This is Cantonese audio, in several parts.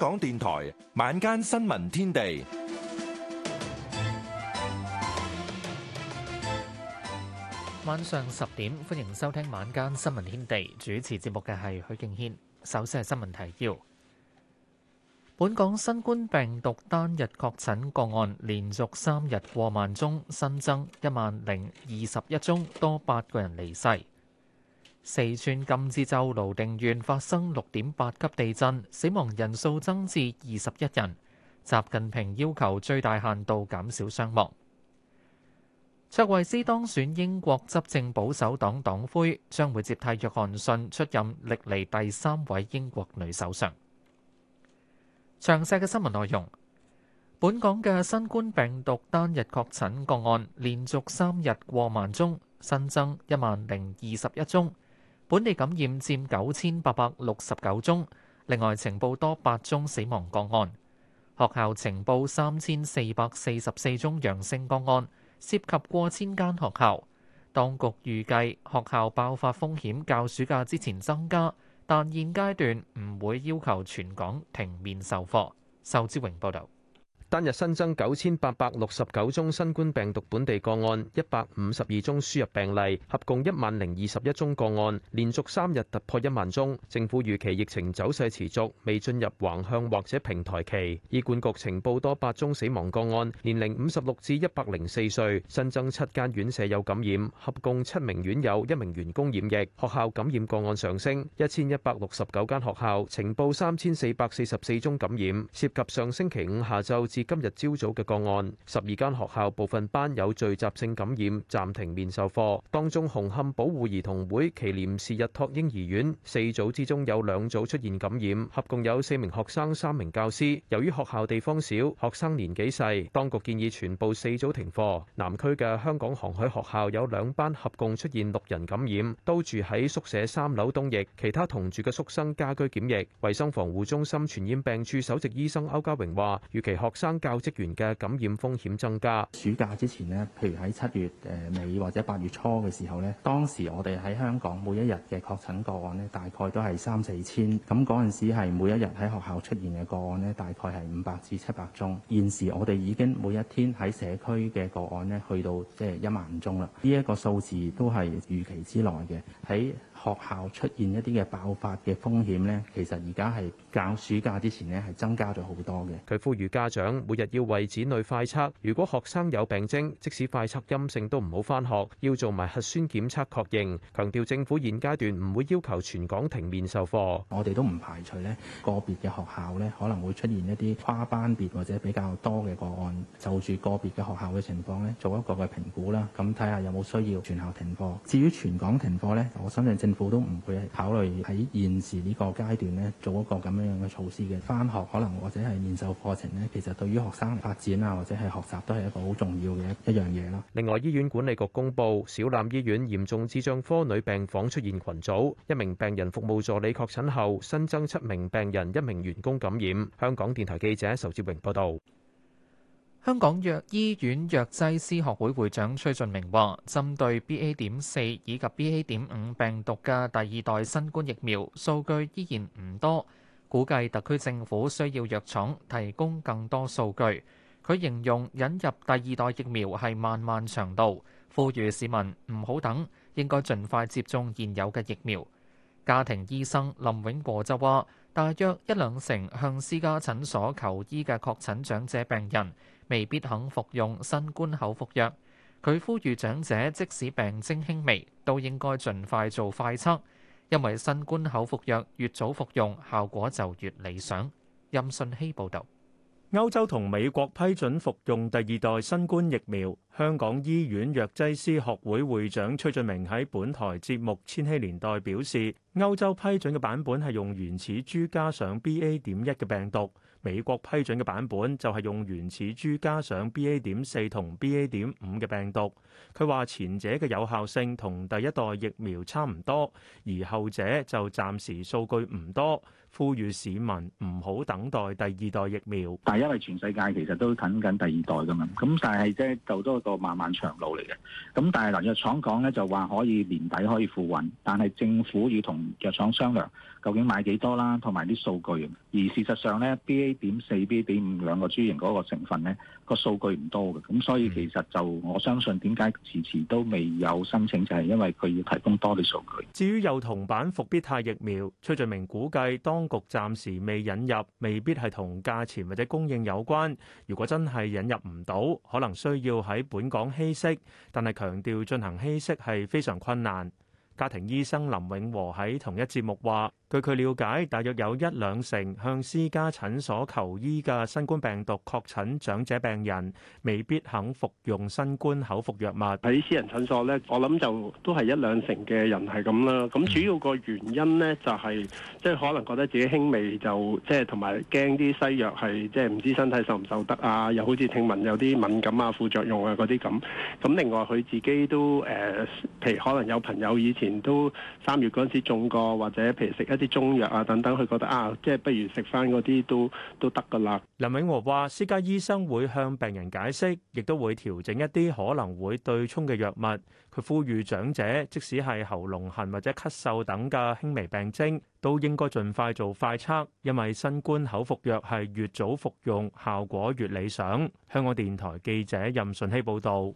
香港電台晚間新聞天地，晚上十點歡迎收聽晚間新聞天地，主持節目嘅係許敬軒。首先係新聞提要，本港新冠病毒單日確診個案連續三日過萬宗，新增一萬零二十一宗，多八個人離世。四川甘孜州瀘定縣發生六點八級地震，死亡人數增至二十一人。習近平要求最大限度減少傷亡。卓慧斯當選英國執政保守黨黨，黨魁，將會接替約翰遜出任歷嚟第三位英國女首相。詳細嘅新聞內容，本港嘅新冠病毒單日確診個案連續三日過萬宗，新增一萬零二十一宗。本地感染佔九千八百六十九宗，另外呈報多八宗死亡個案。學校呈報三千四百四十四宗陽性個案，涉及過千間學校。當局預計學校爆發風險較暑假之前增加，但現階段唔會要求全港停面授課。仇志榮報道。單日新增九千八百六十九宗新冠病毒本地個案，一百五十二宗輸入病例，合共一萬零二十一宗個案，連續三日突破一萬宗。政府預期疫情走勢持續，未進入橫向或者平台期。醫管局呈報多八宗死亡個案，年齡五十六至一百零四歲，新增七間院舍有感染，合共七名院友，一名員工染疫。學校感染個案上升，一千一百六十九間學校呈報三千四百四十四宗感染，涉及上星期五下晝至今日朝早嘅個案，十二間學校部分班有聚集性感染，暫停面授課。當中紅磡保護兒童會祈廉士日托嬰兒院四組之中有兩組出現感染，合共有四名學生、三名教師。由於學校地方小，學生年紀細，當局建議全部四組停課。南區嘅香港航海學校有兩班合共出現六人感染，都住喺宿舍三樓東翼，其他同住嘅宿生家居檢疫。衛生防護中心傳染病處首席醫生歐家榮話：預期學生、教職員嘅感染風險增加。暑假之前咧，譬如喺七月誒尾或者八月初嘅時候咧，當時我哋喺香港每一日嘅確診個案咧，大概都係三四千。咁嗰陣時係每一日喺學校出現嘅個案咧，大概係五百至七百宗。現時我哋已經每一天喺社區嘅個案咧，去到即係一萬五宗啦。呢一個數字都係預期之內嘅喺。學校出現一啲嘅爆發嘅風險呢，其實而家係教暑假之前呢，係增加咗好多嘅。佢呼籲家長每日要為子女快測，如果學生有病徵，即使快測陰性都唔好返學，要做埋核酸檢測確認。強調政府現階段唔會要求全港停面授課。我哋都唔排除呢個別嘅學校呢可能會出現一啲跨班別或者比較多嘅個案，就住個別嘅學校嘅情況呢，做一個嘅評估啦，咁睇下有冇需要全校停課。至於全港停課呢，我相信政政府都唔會考慮喺現時呢個階段咧，做一個咁樣樣嘅措施嘅。返學可能或者係面授課程咧，其實對於學生嘅發展啊或者係學習都係一個好重要嘅一樣嘢啦。另外，醫院管理局公布，小欖醫院嚴重智障科女病房出現群組，一名病人服務助理確診後，新增七名病人，一名員工感染。香港電台記者仇志榮報導。香港藥醫院藥劑師學會會長崔俊明話，針對 BA.4 以及 BA.5 病毒嘅第二代新冠疫苗，數據依然唔多，估計特區政府需要藥廠提供更多數據。佢形容引入第二代疫苗係漫漫長路，呼籲市民唔好等，應該盡快接種現有嘅疫苗。家庭醫生林永和就話，大約一兩成向私家診所求醫嘅確診長者病人。未必肯服用新冠口服藥，佢呼籲長者即使病徵輕微，都應該盡快做快測，因為新冠口服藥越早服用效果就越理想。任信希報導。歐洲同美國批准服用第二代新冠疫苗，香港醫院藥劑師學會會長崔俊明喺本台節目《千禧年代》表示，歐洲批准嘅版本係用原始株加上 B. A. 點一嘅病毒。美國批准嘅版本就係用原始株加上 BA. 點四同 BA. 點五嘅病毒。佢話前者嘅有效性同第一代疫苗差唔多，而後者就暫時數據唔多。呼籲市民唔好等待第二代疫苗，但係因為全世界其實都近緊第二代噶嘛，咁但係即係就都係個漫漫長路嚟嘅。咁但係藥廠講咧就話可以年底可以付運，但係政府要同藥廠商量究竟買幾多啦，同埋啲數據。而事實上咧，B A 點四 B 點五兩個株型嗰個成分咧。個數據唔多嘅，咁所以其實就我相信點解遲遲都未有申請，就係因為佢要提供多啲數據。至於幼童版伏必泰疫苗，崔俊明估計當局暫時未引入，未必係同價錢或者供應有關。如果真係引入唔到，可能需要喺本港稀釋，但係強調進行稀釋係非常困難。家庭醫生林永和喺同一節目話：據佢了解,大約有一兩成向私家診所求醫嘅新冠病毒確診長者病人未必肯服用新冠口服藥物。喺私人診所呢,我諗就,都係一兩成嘅人係噉啦。咁主要個原因呢就係即係可能覺得自己輕微,就即係同埋驚啲西藥,係即係唔知身體受唔受得啊,又好似聽聞,有啲敏感啊,副作用啊,嗰啲噉。另外,佢自己都,譬如可能有朋友以前都三月嗰陣時中過,或者譬如食一。啲中藥啊等等，佢覺得啊，即係不如食返嗰啲都都得㗎喇。林永和話：私家醫生會向病人解釋，亦都會調整一啲可能會對沖嘅藥物。佢呼籲長者，即使係喉嚨痕或者咳嗽等嘅輕微病徵，都應該盡快做快測，因為新冠口服藥係越早服用效果越理想。香港電台記者任順希報導。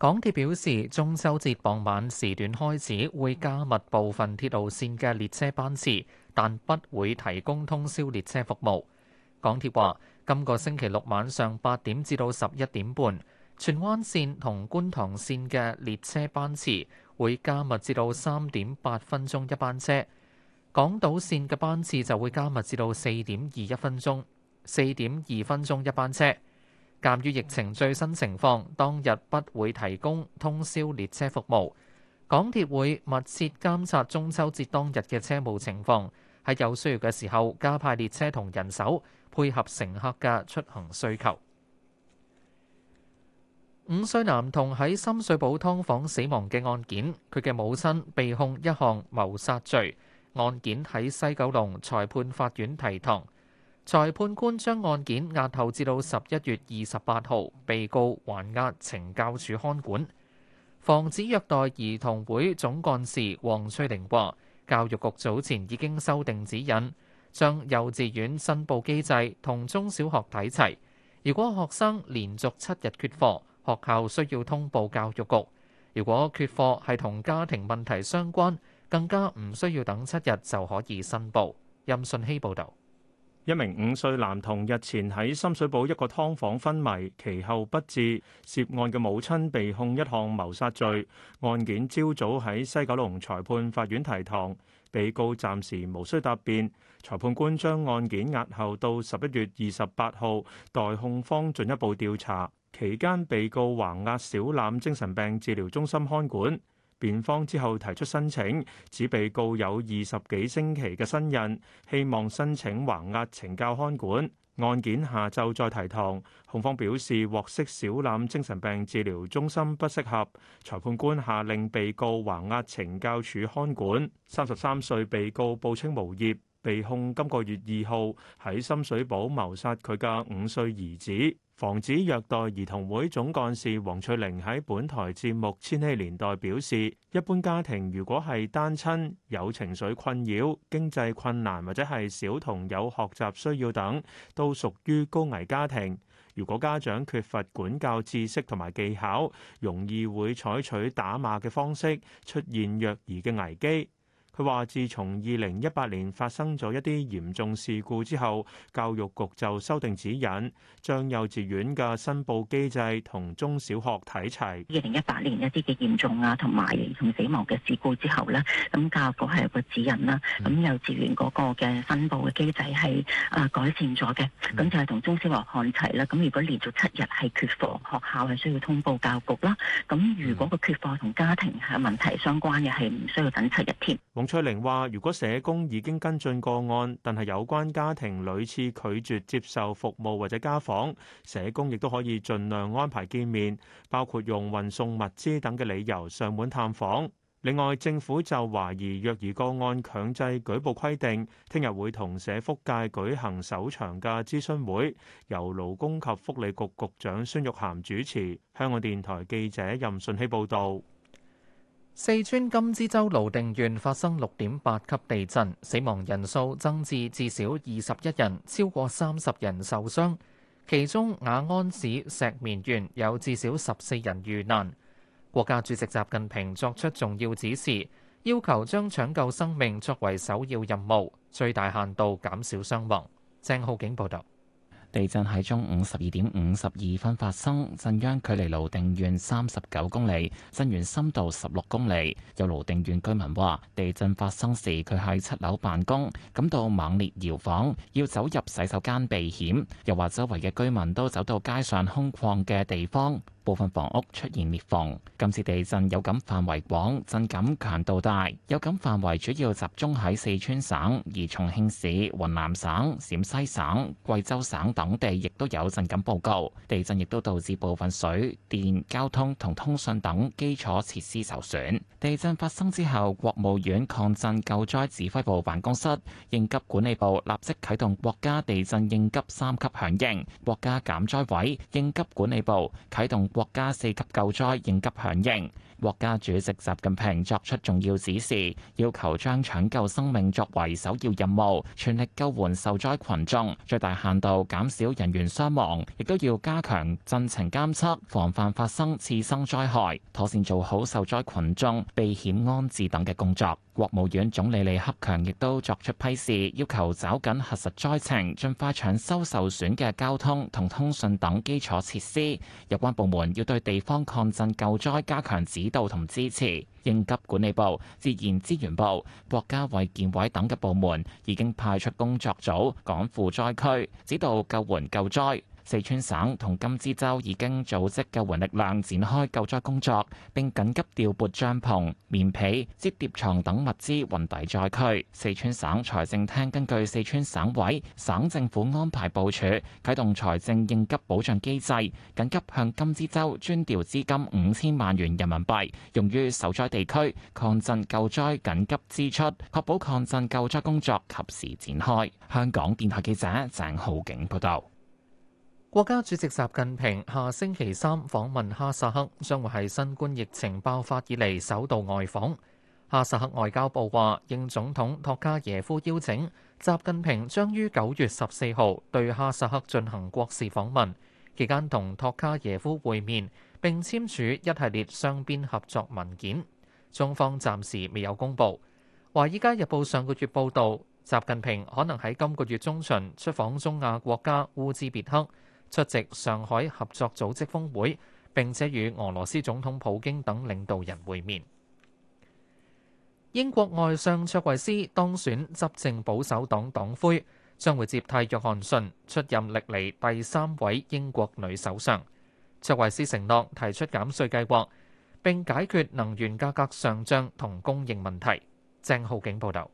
港鐵表示，中秋節傍晚時段開始會加密部分鐵路線嘅列車班次，但不會提供通宵列車服務。港鐵話，今個星期六晚上八點至到十一點半，荃灣線同觀塘線嘅列車班次會加密至到三點八分鐘一班車，港島線嘅班次就會加密至到四點二一分鐘、四點二分鐘一班車。鑑於疫情最新情況，當日不會提供通宵列車服務。港鐵會密切監察中秋節當日嘅車務情況，喺有需要嘅時候加派列車同人手，配合乘客嘅出行需求。五歲男童喺深水埗劏房死亡嘅案件，佢嘅母親被控一項謀殺罪。案件喺西九龍裁判法院提堂。裁判官將案件押後至到十一月二十八號，被告還押，懲教署看管。防止虐待兒童會總幹事黃翠玲話，教育局早前已經修訂指引，將幼稚園申報機制同中小學睇齊。如果學生連續七日缺課，學校需要通報教育局。如果缺課係同家庭問題相關，更加唔需要等七日就可以申報。任信希報導。一名五歲男童日前喺深水埗一個劏房昏迷，其後不治。涉案嘅母親被控一項謀殺罪。案件朝早喺西九龍裁判法院提堂，被告暫時無需答辯。裁判官將案件押後到十一月二十八號，待控方進一步調查期間，被告還押小欖精神病治療中心看管。辯方之後提出申請，指被告有二十幾星期嘅身孕，希望申請還押懲教看管。案件下晝再提堂。控方表示獲悉小欖精神病治療中心不適合，裁判官下令被告還押懲教署看管。三十三歲被告報稱無業，被控今個月二號喺深水埗謀殺佢嘅五歲兒子。防止虐待兒童會總幹事黃翠玲喺本台節目《千禧年代》表示，一般家庭如果係單親、有情緒困擾、經濟困難或者係小童有學習需要等，都屬於高危家庭。如果家長缺乏管教知識同埋技巧，容易會採取打罵嘅方式，出現虐兒嘅危機。佢話：自從二零一八年發生咗一啲嚴重事故之後，教育局就修訂指引，將幼稚園嘅申報機制同中小學睇齊。二零一八年一啲嘅嚴重啊，同埋同死亡嘅事故之後呢，咁教育局係有個指引啦。咁幼稚園嗰個嘅申報嘅機制係啊改善咗嘅，咁就係同中小學看齊啦。咁如果連續七日係缺課，學校係需要通報教育局啦。咁如果個缺課同家庭係問題相關嘅，係唔需要等七日添。崔玲話：如果社工已經跟進個案，但係有關家庭屢次拒絕接受服務或者家訪，社工亦都可以盡量安排見面，包括用運送物資等嘅理由上門探訪。另外，政府就懷疑虐兒個案強制舉報規定，聽日會同社福界舉行首場嘅諮詢會，由勞工及福利局局局長孫玉菡主持。香港電台記者任順希報導。四川甘孜州瀘定縣發生六點八級地震，死亡人數增至至少二十一人，超過三十人受傷，其中雅安市石棉縣有至少十四人遇難。國家主席習近平作出重要指示，要求將搶救生命作為首要任務，最大限度減少傷亡。鄭浩景報道。地震喺中午十二點五十二分發生，震央距離瀘定縣三十九公里，震源深度十六公里。有瀘定縣居民話，地震發生時佢喺七樓辦公，感到猛烈搖晃，要走入洗手間避險。又話周圍嘅居民都走到街上空曠嘅地方。部分房屋出現裂縫。今次地震有感範圍廣，震感強度大，有感範圍主要集中喺四川省，而重慶市、雲南省、陝西省、貴州省等地亦都有震感報告。地震亦都導致部分水電交通同通信等基礎設施受損。地震發生之後，國務院抗震救災指揮部辦公室應急管理部立即啟動國家地震應急三級響應，國家減災委應急管理部啟動國家四級救災應急響應。國家主席習近平作出重要指示，要求將搶救生命作為首要任務，全力救援受災群眾，最大限度減少人員傷亡，亦都要加強震情監測，防範發生次生災害，妥善做好受災群眾避險安置等嘅工作。國務院總理李克強亦都作出批示，要求抓緊核實災情，盡快搶修受損嘅交通同通訊等基礎設施。有關部門要對地方抗震救災加強指。指導同支持，應急管理部、自然資源部、國家衛健委等嘅部門已經派出工作組趕赴災區，指導救援救災。四川省同甘孜州已經組織救援力量展開救災工作，並緊急調撥帳篷、棉被、摺疊床等物資運抵災區。四川省財政廳根據四川省委、省政府安排部署，啟動財政應急保障機制，緊急向甘孜州專調資金五千萬元人民幣，用於受災地區抗震救災緊急支出，確保抗震救災工作及時展開。香港電台記者鄭浩景報道。國家主席習近平下星期三訪問哈薩克，將會係新冠疫情爆發以嚟首度外訪。哈薩克外交部話，應總統托卡耶夫邀請，習近平將於九月十四號對哈薩克進行國事訪問，期間同托卡耶夫會面，並簽署一系列雙邊合作文件。中方暫時未有公布。《華爾街日報》上個月報道，習近平可能喺今個月中旬出訪中亞國家烏茲別克。出席上海合作組織峰會，並且與俄羅斯總統普京等領導人會面。英國外相卓維斯當選執政保守黨黨魁，將會接替約翰遜出任歷來第三位英國女首相。卓維斯承諾提出減稅計劃，並解決能源價格上漲同供應問題。鄭浩景報道。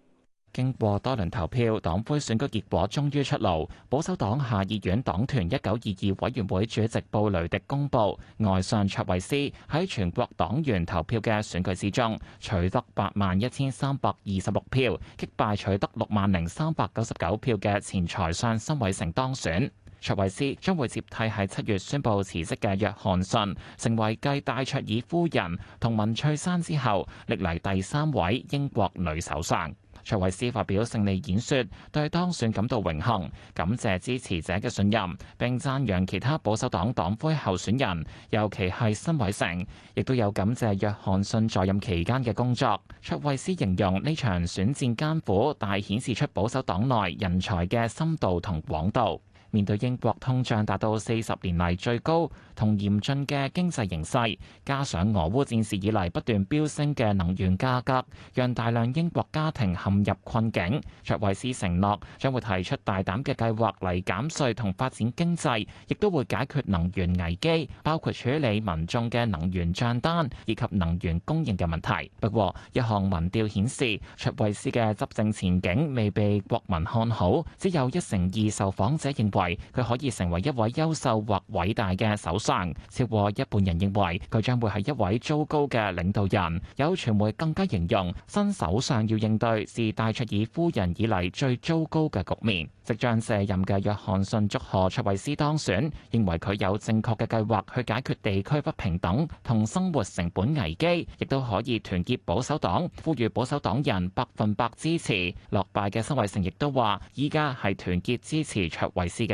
經過多輪投票，黨魁選舉結果終於出爐。保守黨下議院黨團一九二二委員會主席布雷迪公布，外相卓維斯喺全國黨員投票嘅選舉之中，取得八萬一千三百二十六票，擊敗取得六萬零三百九十九票嘅前財相辛偉誠當選。卓維斯將會接替喺七月宣布辭職嘅約翰遜，成為繼戴卓爾夫人同文翠珊之後，歷嚟第三位英國女首相。卓慧思發表勝利演說，對當選感到榮幸，感謝支持者嘅信任，並讚揚其他保守黨黨魁候選人，尤其係辛偉誠，亦都有感謝約翰遜在任期間嘅工作。卓慧思形容呢場選戰艱苦，但顯示出保守黨內人才嘅深度同廣度。面對英國通脹達到四十年嚟最高同嚴峻嘅經濟形勢，加上俄烏戰事以嚟不斷飆升嘅能源價格，讓大量英國家庭陷入困境。卓慧思承諾將會提出大膽嘅計劃嚟減稅同發展經濟，亦都會解決能源危機，包括處理民眾嘅能源帳單以及能源供應嘅問題。不過，一項民調顯示卓慧思嘅執政前景未被國民看好，只有一成二受訪者認為佢可以成為一位優秀或偉大嘅首相，超過一半人認為佢將會係一位糟糕嘅領導人。有傳媒更加形容新首相要應對是戴卓爾夫人以嚟最糟糕嘅局面。即將卸任嘅約翰遜祝賀卓慧思當選，認為佢有正確嘅計劃去解決地區不平等同生活成本危機，亦都可以團結保守黨，呼籲保守黨人百分百支持。落敗嘅辛偉誠亦都話，依家係團結支持卓慧思嘅。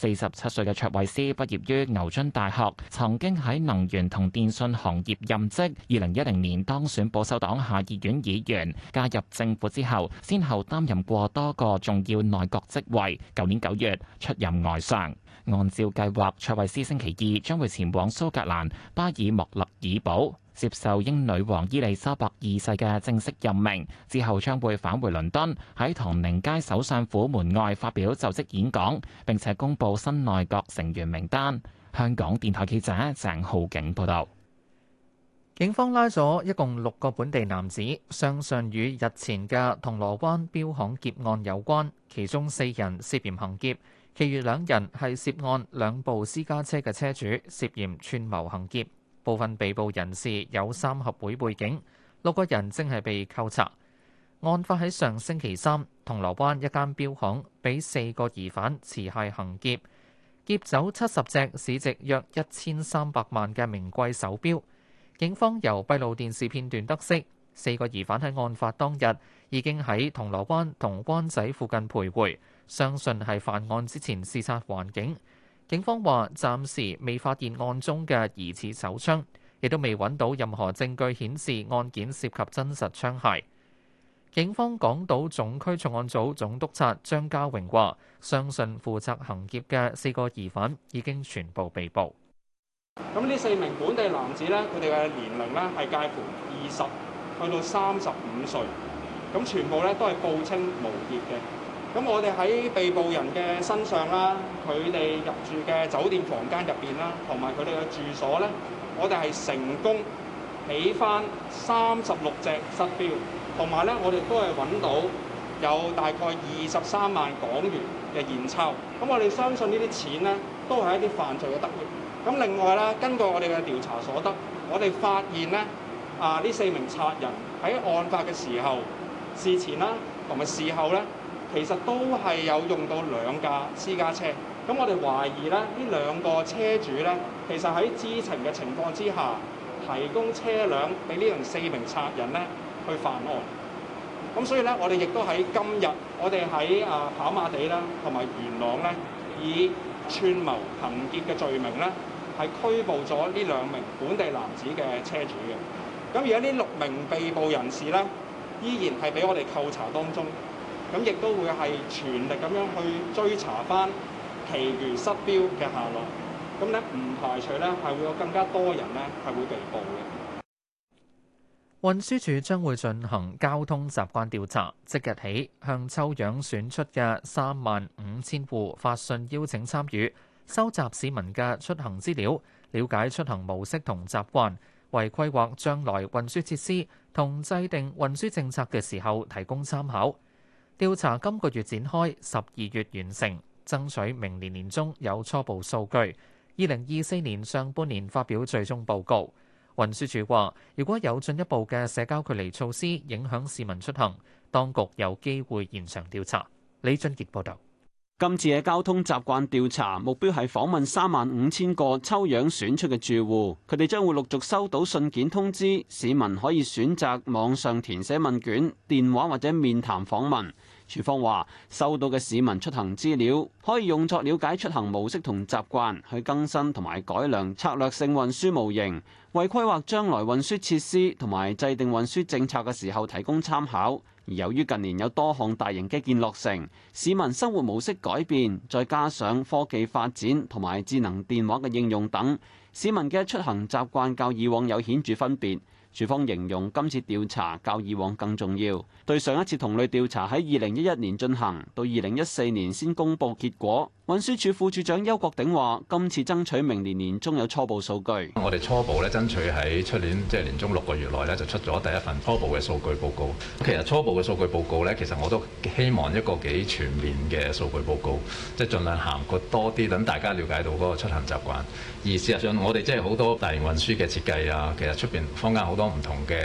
四十七歲嘅卓慧斯畢業於牛津大學，曾經喺能源同電信行業任職。二零一零年當選保守黨下議院議員，加入政府之後，先後擔任過多個重要內閣職位。舊年九月出任外相。按照計劃，卓慧斯星期二將會前往蘇格蘭巴爾莫勒爾堡接受英女王伊麗莎白二世嘅正式任命，之後將會返回倫敦，喺唐寧街首相府門外發表就職演講，並且公布新內閣成員名單。香港電台記者鄭浩景報道，警方拉咗一共六個本地男子，相信與日前嘅銅鑼灣錶行劫案有關。其中四人涉嫌行劫，其餘兩人係涉案兩部私家車嘅車主，涉嫌串謀行劫。部分被捕人士有三合會背景。六個人正係被扣查。案發喺上星期三。銅鑼灣一間錶行俾四個疑犯持械行劫，劫走七十隻市值約一千三百萬嘅名貴手錶。警方由閉路電視片段得悉，四個疑犯喺案發當日已經喺銅鑼灣同灣仔附近徘徊，相信係犯案之前視察環境。警方話暫時未發現案中嘅疑似手槍，亦都未揾到任何證據顯示案件涉及真實槍械。警方港島總區重案組總督察張家榮話，相信負責行劫嘅四個疑犯已經全部被捕。咁呢四名本地男子咧，佢哋嘅年齡咧係介乎二十去到三十五歲。咁全部咧都係報稱無業嘅。咁我哋喺被捕人嘅身上啦，佢哋入住嘅酒店房間入邊啦，同埋佢哋嘅住所咧，我哋係成功起翻三十六隻失標。同埋咧，我哋都係揾到有大概二十三萬港元嘅現鈔。咁我哋相信呢啲錢咧都係一啲犯罪嘅得益。咁另外咧，根據我哋嘅調查所得，我哋發現咧啊呢四名賊人喺案發嘅時候事前啦同埋事後咧，其實都係有用到兩架私家車。咁我哋懷疑咧呢兩個車主咧，其實喺知情嘅情況之下提供車輛俾呢樣四名賊人咧，去犯案，咁所以咧，我哋亦都喺今日，我哋喺啊跑馬地啦，同埋元朗咧，以串謀行劫嘅罪名咧，係拘捕咗呢兩名本地男子嘅車主嘅。咁而家呢，六名被捕人士咧，依然係俾我哋扣查當中，咁亦都會係全力咁樣去追查翻其餘失標嘅下落。咁咧唔排除咧，係會有更加多人咧，係會被捕嘅。運輸署將會進行交通習慣調查，即日起向抽樣選出嘅三萬五千戶發信邀請參與，收集市民嘅出行資料，了解出行模式同習慣，為規劃將來運輸設施同制定運輸政策嘅時候提供參考。調查今個月展開，十二月完成，爭取明年年中有初步數據，二零二四年上半年發表最終報告。運輸署話：如果有進一步嘅社交距離措施影響市民出行，當局有機會現場調查。李俊傑報導。今次嘅交通習慣調查目標係訪問三萬五千個抽樣選出嘅住戶，佢哋將會陸續收到信件通知，市民可以選擇網上填寫問卷、電話或者面談訪問。署方話，收到嘅市民出行資料可以用作了解出行模式同習慣，去更新同埋改良策略性運輸模型，為規劃將來運輸設施同埋制定運輸政策嘅時候提供參考。由於近年有多項大型基建落成，市民生活模式改變，再加上科技發展同埋智能電話嘅應用等，市民嘅出行習慣較以往有顯著分別。署方形容今次調查較以往更重要，對上一次同類調查喺二零一一年進行，到二零一四年先公布結果。運輸署副署長邱國鼎話，今次爭取明年年中有初步數據，我哋初步咧爭取喺出年即係、就是、年中六個月內咧就出咗第一份初步嘅數據報告。其實初步嘅數據報告咧，其實我都希望一個幾全面嘅數據報告，即係盡量涵蓋多啲，等大家了解到嗰個出行習慣。而事實上，我哋即係好多大型運輸嘅設計啊，其實出面坊間好多唔同嘅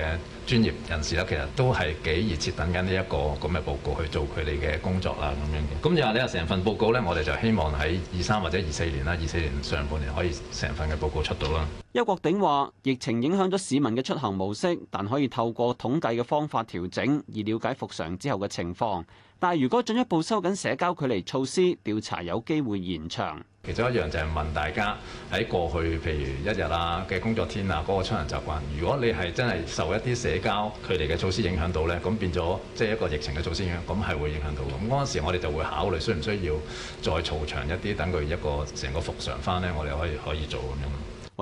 專業人士啦，其實都係幾熱切等緊呢一個咁嘅、這個、報告去做佢哋嘅工作啦、啊，咁樣嘅咁就話呢有成份報告咧，我哋就希望喺二三或者二四年啦，二四年上半年可以成份嘅報告出到啦。邱國鼎話：疫情影響咗市民嘅出行模式，但可以透過統計嘅方法調整，以了解復常之後嘅情況。但係，如果進一步收緊社交距離措施，調查有機會延長。其中一樣就係問大家喺過去譬如一日啊嘅工作天啊嗰、那個出行習慣，如果你係真係受一啲社交距離嘅措施影響到咧，咁變咗即係一個疫情嘅措施影響咁，係會影響到嘅。咁嗰陣時，我哋就會考慮需唔需要再嘈長一啲，等佢一個成個復常翻咧，我哋可以可以做咁樣。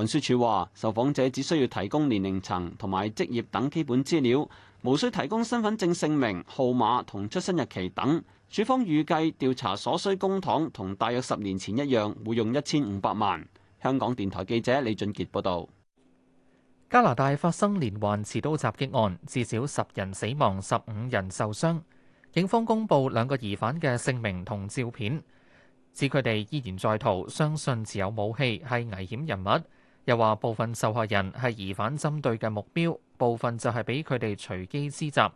運輸署話，受訪者只需要提供年齡層同埋職業等基本資料。無需提供身份證姓名、號碼同出生日期等。處方預計調查所需公帑同大約十年前一樣，會用一千五百萬。香港電台記者李俊傑報導。加拿大發生連環持刀襲擊案，至少十人死亡、十五人受傷。警方公布兩個疑犯嘅姓名同照片，指佢哋依然在逃，相信持有武器係危險人物。又話部分受害人係疑犯針對嘅目標，部分就係俾佢哋隨機施襲。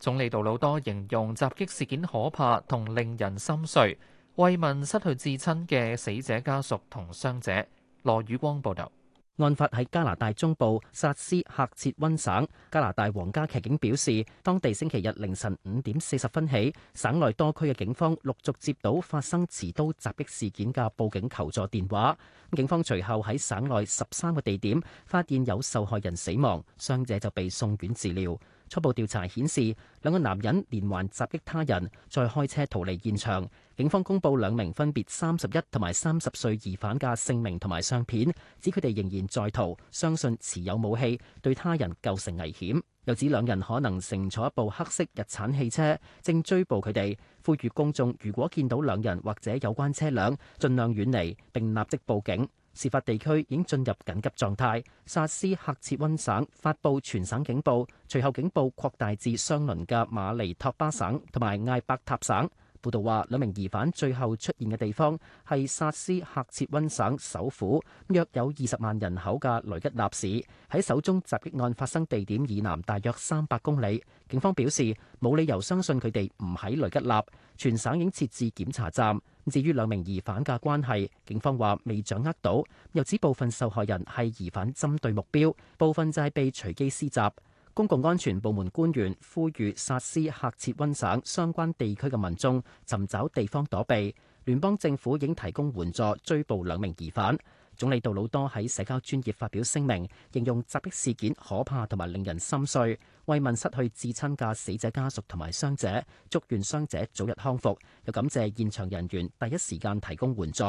總理杜魯多形容襲擊事件可怕同令人心碎，慰問失去至親嘅死者家屬同傷者。羅宇光報道。案發喺加拿大中部薩斯喀徹溫省，加拿大皇家騎警表示，當地星期日凌晨五點四十分起，省內多區嘅警方陸續接到發生持刀襲擊事件嘅報警求助電話。警方隨後喺省內十三個地點發現有受害人死亡，傷者就被送院治療。初步調查顯示，兩個男人連環襲擊他人，再開車逃離現場。警方公布兩名分別三十一同埋三十歲疑犯嘅姓名同埋相片，指佢哋仍然在逃，相信持有武器對他人構成危險，又指兩人可能乘坐一部黑色日產汽車正追捕佢哋，呼籲公眾如果見到兩人或者有關車輛盡量遠離並立即報警。事發地區已經進入緊急狀態，薩斯喀徹温省，省發布全省警報，隨後警報擴大至相鄰嘅馬尼托巴省同埋艾伯塔省。報導話，兩名疑犯最後出現嘅地方係薩斯喀徹溫省首府，約有二十萬人口嘅雷吉納市，喺手中襲擊案發生地點以南大約三百公里。警方表示，冇理由相信佢哋唔喺雷吉納。全省已經設置檢查站。至於兩名疑犯嘅關係，警方話未掌握到。又指部分受害人係疑犯針對目標，部分就係被隨機施襲。公共安全部門官員呼籲薩斯喀徹溫省相關地區嘅民眾尋找地方躲避。聯邦政府已經提供援助追捕兩名疑犯。總理杜魯多喺社交專業發表聲明，形容襲擊事件可怕同埋令人心碎，慰問失去至親嘅死者家屬同埋傷者，祝願傷者早日康復，又感謝現場人員第一時間提供援助。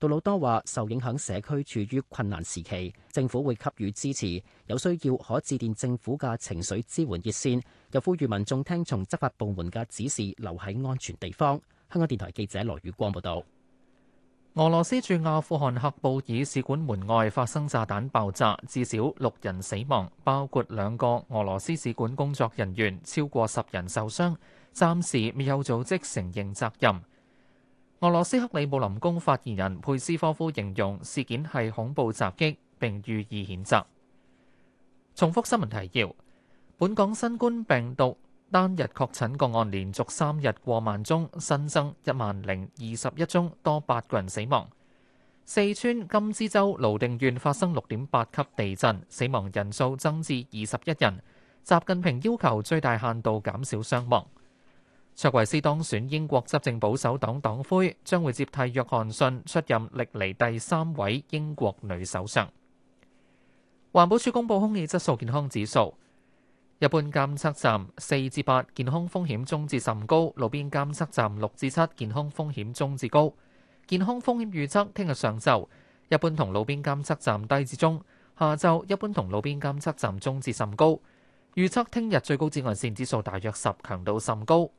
杜魯多話：受影響社區處於困難時期，政府會給予支持，有需要可致電政府嘅情緒支援熱線。又呼籲民眾聽從執法部門嘅指示，留喺安全地方。香港電台記者羅宇光報道，俄羅斯駐阿富汗喀布爾使館門外發生炸彈爆炸，至少六人死亡，包括兩個俄羅斯使館工作人員，超過十人受傷。暫時未有組織承認責任。俄羅斯克里姆林宮發言人佩斯科夫形容事件係恐怖襲擊，並予以譴責。重複新聞提要：本港新冠病毒單日確診個案連續三日過萬宗，新增一萬零二十一宗，多八個人死亡。四川甘孜州瀘定縣發生六點八級地震，死亡人數增至二十一人。習近平要求最大限度減少傷亡。卓維斯當選英國執政保守黨黨魁，將會接替約翰遜出任歷嚟第三位英國女首相。環保署公布空氣質素健康指數，一般監測站四至八，8, 健康風險中至甚高；路邊監測站六至七，7, 健康風險中至高。健康風險預測聽日上晝一般同路邊監測站低至中，下晝一般同路邊監測站中至甚高。預測聽日最高紫外線指數大約十，強度甚高。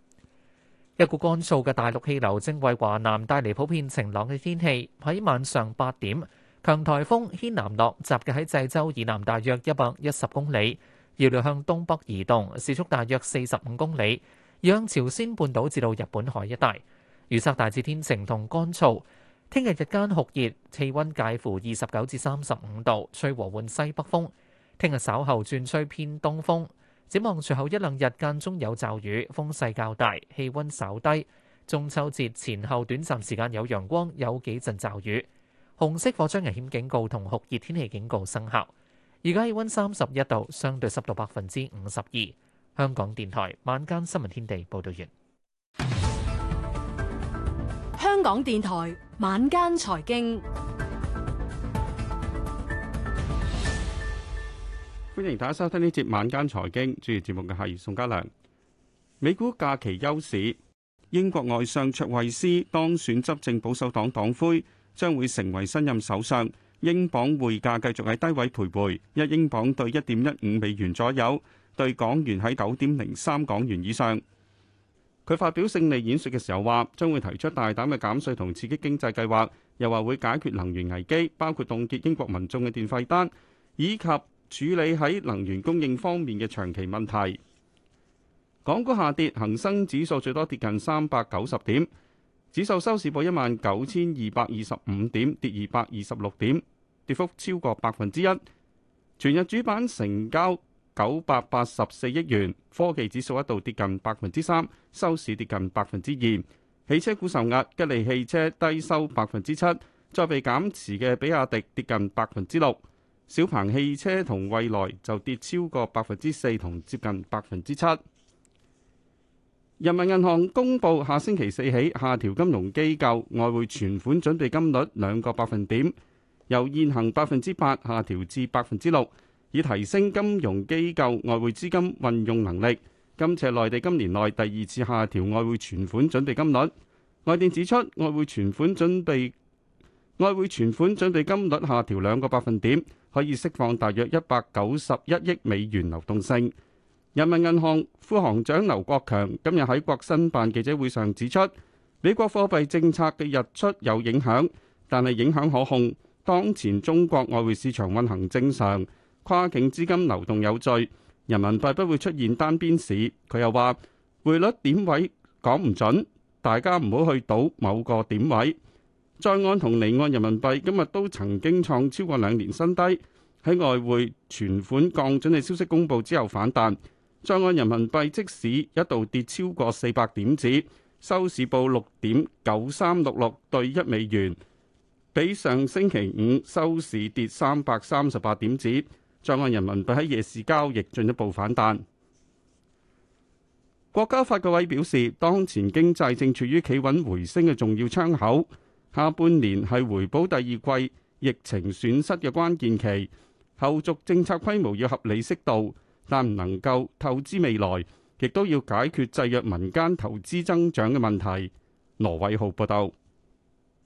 一股乾燥嘅大陸氣流正為華南帶嚟普遍晴朗嘅天氣。喺晚上八點，強颱風軒嵐諾集結喺濟州以南大約一百一十公里，遙遙向東北移動，時速大約四十五公里，移向朝鮮半島至到日本海一帶。預測大致天晴同乾燥。聽日日間酷熱，氣温介乎二十九至三十五度，吹和緩西北風。聽日稍後轉吹偏東風。展望隨後一兩日間，間中有驟雨，風勢較大，氣温稍低。中秋節前後短暫時間有陽光，有幾陣驟雨。紅色火災危險警告同酷熱天氣警告生效。而家氣温三十一度，相對濕度百分之五十二。香港電台晚間新聞天地報道完。香港電台晚間財經。歡迎大家收聽呢節晚間財經，主持節目嘅係宋家良。美股假期休市，英國外相卓慧斯當選執政保守黨黨魁，將會成為新任首相。英鎊匯價繼續喺低位徘徊，一英鎊兌一點一五美元左右，兌港元喺九點零三港元以上。佢發表勝利演說嘅時候話，將會提出大膽嘅減稅同刺激經濟計劃，又話會解決能源危機，包括凍結英國民眾嘅電費單以及。處理喺能源供應方面嘅長期問題。港股下跌，恒生指數最多跌近三百九十點，指數收市報一萬九千二百二十五點，跌二百二十六點，跌幅超過百分之一。全日主板成交九百八十四億元。科技指數一度跌近百分之三，收市跌近百分之二。汽車股受壓，吉利汽車低收百分之七，再被減持嘅比亞迪跌近百分之六。小鵬汽車同蔚來就跌超過百分之四，同接近百分之七。人民銀行公布，下星期四起下調金融機構外匯存款準備金率兩個百分點，由現行百分之八下調至百分之六，以提升金融機構外匯資金運用能力。今次係內地今年內第二次下調外匯存款準備金率。外電指出，外匯存款準備外匯存款準備金率下調兩個百分點。可以釋放大約一百九十一億美元流動性。人民銀行副行長劉國強今日喺國新辦記者會上指出，美國貨幣政策嘅日出有影響，但係影響可控。當前中國外匯市場運行正常，跨境資金流動有序，人民幣不會出現單邊市。佢又話，匯率點位講唔準，大家唔好去賭某個點位。在岸同離岸人民幣今日都曾經創超過兩年新低，喺外匯存款降準嘅消息公布之後反彈。在岸人民幣即使一度跌超過四百點子，收市報六點九三六六對一美元，比上星期五收市跌三百三十八點子。在岸人民幣喺夜市交易進一步反彈。國家發改委表示，當前經濟正處於企穩回升嘅重要窗口。下半年係回補第二季疫情損失嘅關鍵期，後續政策規模要合理適度，但唔能夠透支未來，亦都要解決制約民間投資增長嘅問題。羅偉浩報道，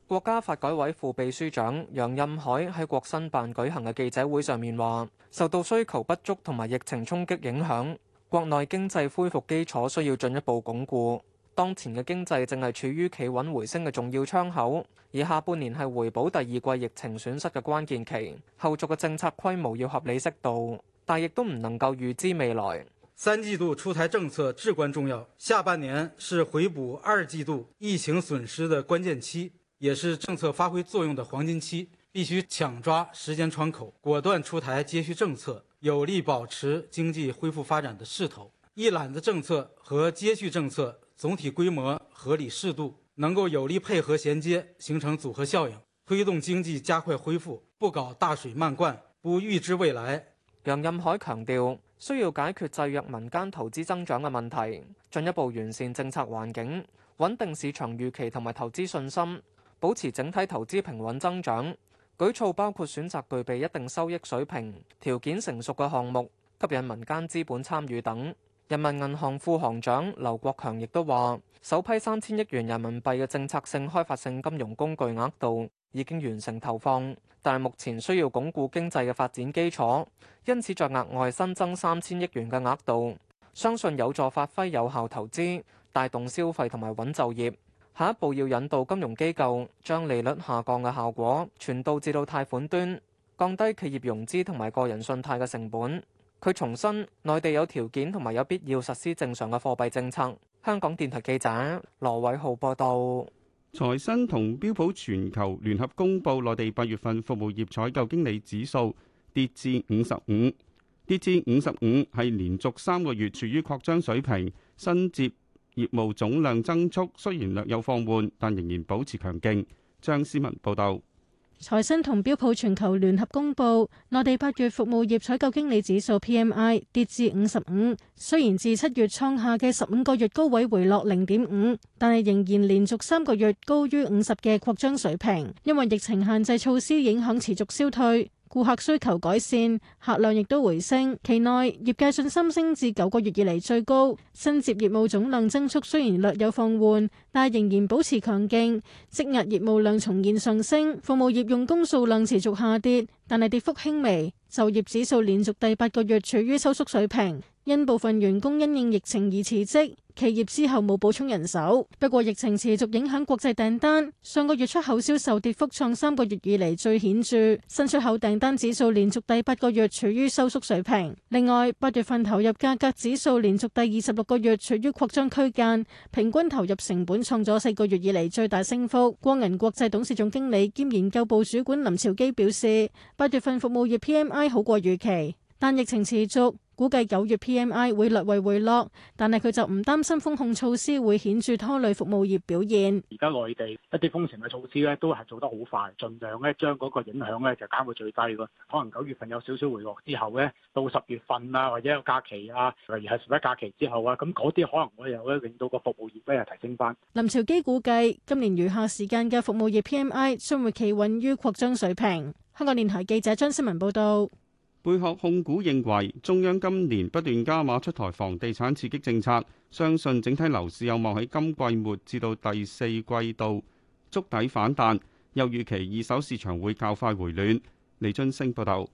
國家發改委副秘書長楊任海喺國新辦舉行嘅記者會上面話，受到需求不足同埋疫情衝擊影響，國內經濟恢復基礎需要進一步鞏固。當前嘅經濟正係處於企穩回升嘅重要窗口，而下半年係回補第二季疫情損失嘅關鍵期，後續嘅政策規模要合理適度，但亦都唔能夠預知未來。三季度出台政策至關重要，下半年是回補二季度疫情損失嘅關鍵期，也是政策發揮作用嘅黃金期，必須搶抓時間窗口，果斷出台接續政策，有力保持經濟恢復發展嘅勢頭。一攬子政策和接續政策。總體規模合理適度，能夠有力配合銜接，形成組合效應，推動經濟加快恢復。不搞大水漫灌，不預支未來。楊任海強調，需要解決制約民間投資增長嘅問題，進一步完善政策環境，穩定市場預期同埋投資信心，保持整體投資平穩增長。舉措包括選擇具備一定收益水平、條件成熟嘅項目，吸引民間資本參與等。人民銀行副行長劉國強亦都話：首批三千億元人民幣嘅政策性開發性金融工具額度已經完成投放，但係目前需要鞏固經濟嘅發展基礎，因此再額外新增三千億元嘅額度，相信有助發揮有效投資、帶動消費同埋穩就業。下一步要引導金融機構將利率下降嘅效果傳導至到貸款端，降低企業融資同埋個人信貸嘅成本。佢重申，內地有條件同埋有必要實施正常嘅貨幣政策。香港電台記者羅偉浩報道。財新同標普全球聯合公布，內地八月份服務業採購經理指數跌至五十五，跌至五十五係連續三個月處於擴張水平。新接業務總量增速雖然略有放緩，但仍然保持強勁。張思文報道。財新同標普全球聯合公布，內地八月服務業採購經理指數 PMI 跌至五十五，雖然自七月創下嘅十五個月高位回落零點五，但係仍然連續三個月高於五十嘅擴張水平，因為疫情限制措施影響持續消退。顧客需求改善，客量亦都回升。期內業界信心升至九個月以嚟最高，新接業務總量增速雖然略有放緩，但仍然保持強勁。積壓業務量重現上升，服務業用工數量持續下跌，但係跌幅輕微。就業指數連續第八個月處於收縮水平，因部分員工因應疫情而辭職。企業之後冇補充人手，不過疫情持續影響國際訂單。上個月出口銷售跌幅創三個月以嚟最顯著，新出口訂單指數連續第八個月處於收縮水平。另外，八月份投入價格指數連續第二十六個月處於擴張區間，平均投入成本創咗四個月以嚟最大升幅。光銀國際董事總經理兼研究部主管林朝基表示：八月份服務業 PMI 好過預期，但疫情持續。估計九月 PMI 會略為回落，但係佢就唔擔心風控措施會顯著拖累服務業表現。而家內地一啲封城嘅措施咧，都係做得好快，盡量咧將嗰個影響咧就減到最低。可能九月份有少少回落之後咧，到十月份啊，或者有假期啊，例如係十一假期之後啊，咁嗰啲可能會又會，令到個服務業咧係提升翻。林朝基估計今年餘下時間嘅服務業 PMI 將會企穩於擴張水平。香港電台記者張思文報道。貝殼控股認為，中央今年不斷加碼出台房地產刺激政策，相信整體樓市有望喺今季末至到第四季度觸底反彈，又預期二手市場會較快回暖。李俊升報道。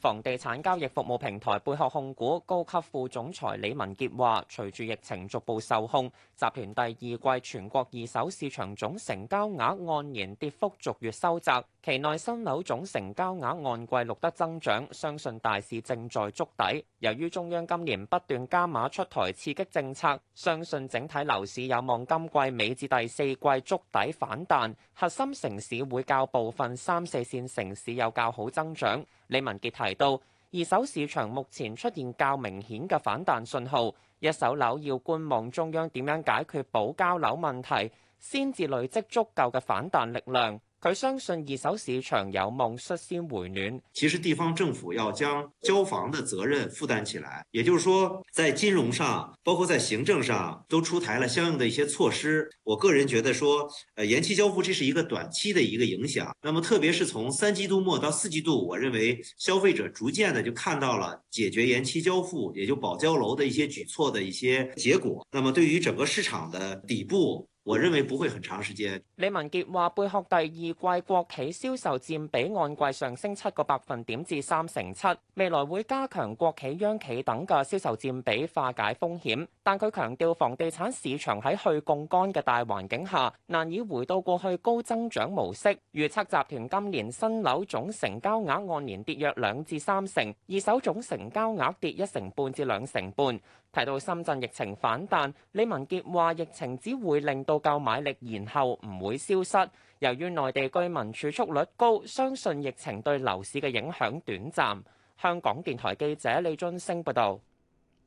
房地產交易服務平台貝殼控股高級副總裁李文杰話，隨住疫情逐步受控，集團第二季全國二手市場總成交額按年跌幅逐月收窄，期內新樓總成交額按季錄得增長，相信大市正在築底。由於中央今年不斷加碼出台刺激政策，相信整體樓市有望今季尾至第四季築底反彈。核心城市會較部分三四線城市有較好增長。李文傑提到，二手市場目前出現較明顯嘅反彈信號，一手樓要觀望中央點樣解決保交樓問題，先至累積足夠嘅反彈力量。他相信二手市場有望率先回暖。其實地方政府要將交房的責任負擔起來，也就是說，在金融上，包括在行政上，都出台了相應的一些措施。我個人覺得說，呃，延期交付這是一個短期的一個影響。那麼，特別是從三季度末到四季度，我認為消費者逐漸的就看到了解決延期交付，也就是保交樓的一些舉措的一些結果。那麼，對於整個市場的底部。我認為不會很長時間。李文杰話：貝殼第二季國企銷售佔比按季上升七個百分點至三成七，未來會加強國企、央企等嘅銷售佔比化解風險。但佢強調，房地產市場喺去槓桿嘅大環境下，難以回到過去高增長模式。預測集團今年新樓總成交額按年跌約兩至三成，二手總成交額跌一成半至兩成半。提到深圳疫情反彈，李文杰話疫情只會令到購買力延後唔會消失。由於內地居民儲蓄率高，相信疫情對樓市嘅影響短暫，香港電台記者李津升報道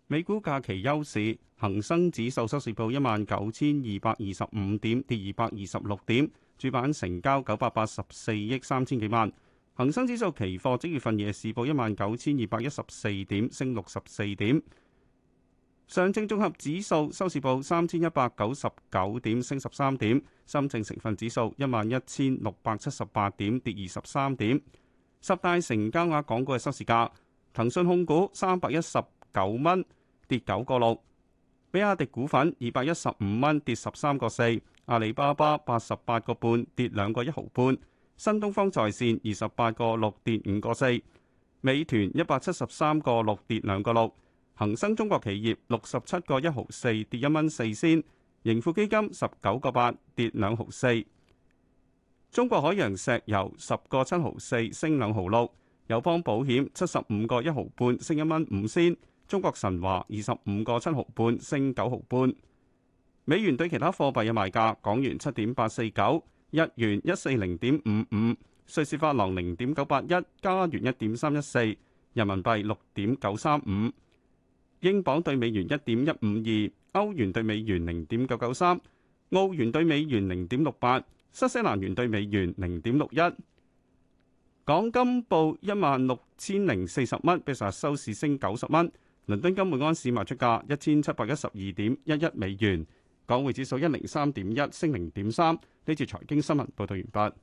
美股假期休市，恒生指數收市報一萬九千二百二十五點跌二百二十六點主板成交九百八十四億三千幾萬恒生指數期貨即月份夜市報一萬九千二百一十四點升六十四點。上證綜合指數收市報三千一百九十九點，升十三點。深證成分指數一萬一千六百七十八點，跌二十三點。十大成交額港股嘅收市價：騰訊控股三百一十九蚊，跌九個六；比亞迪股份二百一十五蚊，跌十三個四；阿里巴巴八十八個半，跌兩個一毫半；新東方在線二十八個六，跌五個四；美團一百七十三個六，跌兩個六。恒生中國企業六十七個一毫四，跌一蚊四仙，盈富基金十九個八，跌兩毫四，中國海洋石油十個七毫四，升兩毫六，友邦保險七十五個一毫半，升一蚊五仙，中國神華二十五個七毫半，升九毫半。美元對其他貨幣嘅賣價：港元七點八四九，日元一四零點五五，瑞士法郎零點九八一，加元一點三一四，人民幣六點九三五。英鎊兌美元一點一五二，歐元兌美元零點九九三，澳元兌美元零點六八，新西蘭元兌美元零點六一。港金報一萬六千零四十蚊，比成日收市升九十蚊。倫敦金每盎司賣出價一千七百一十二點一一美元。港匯指數一零三點一，升零點三。呢次財經新聞報道完畢。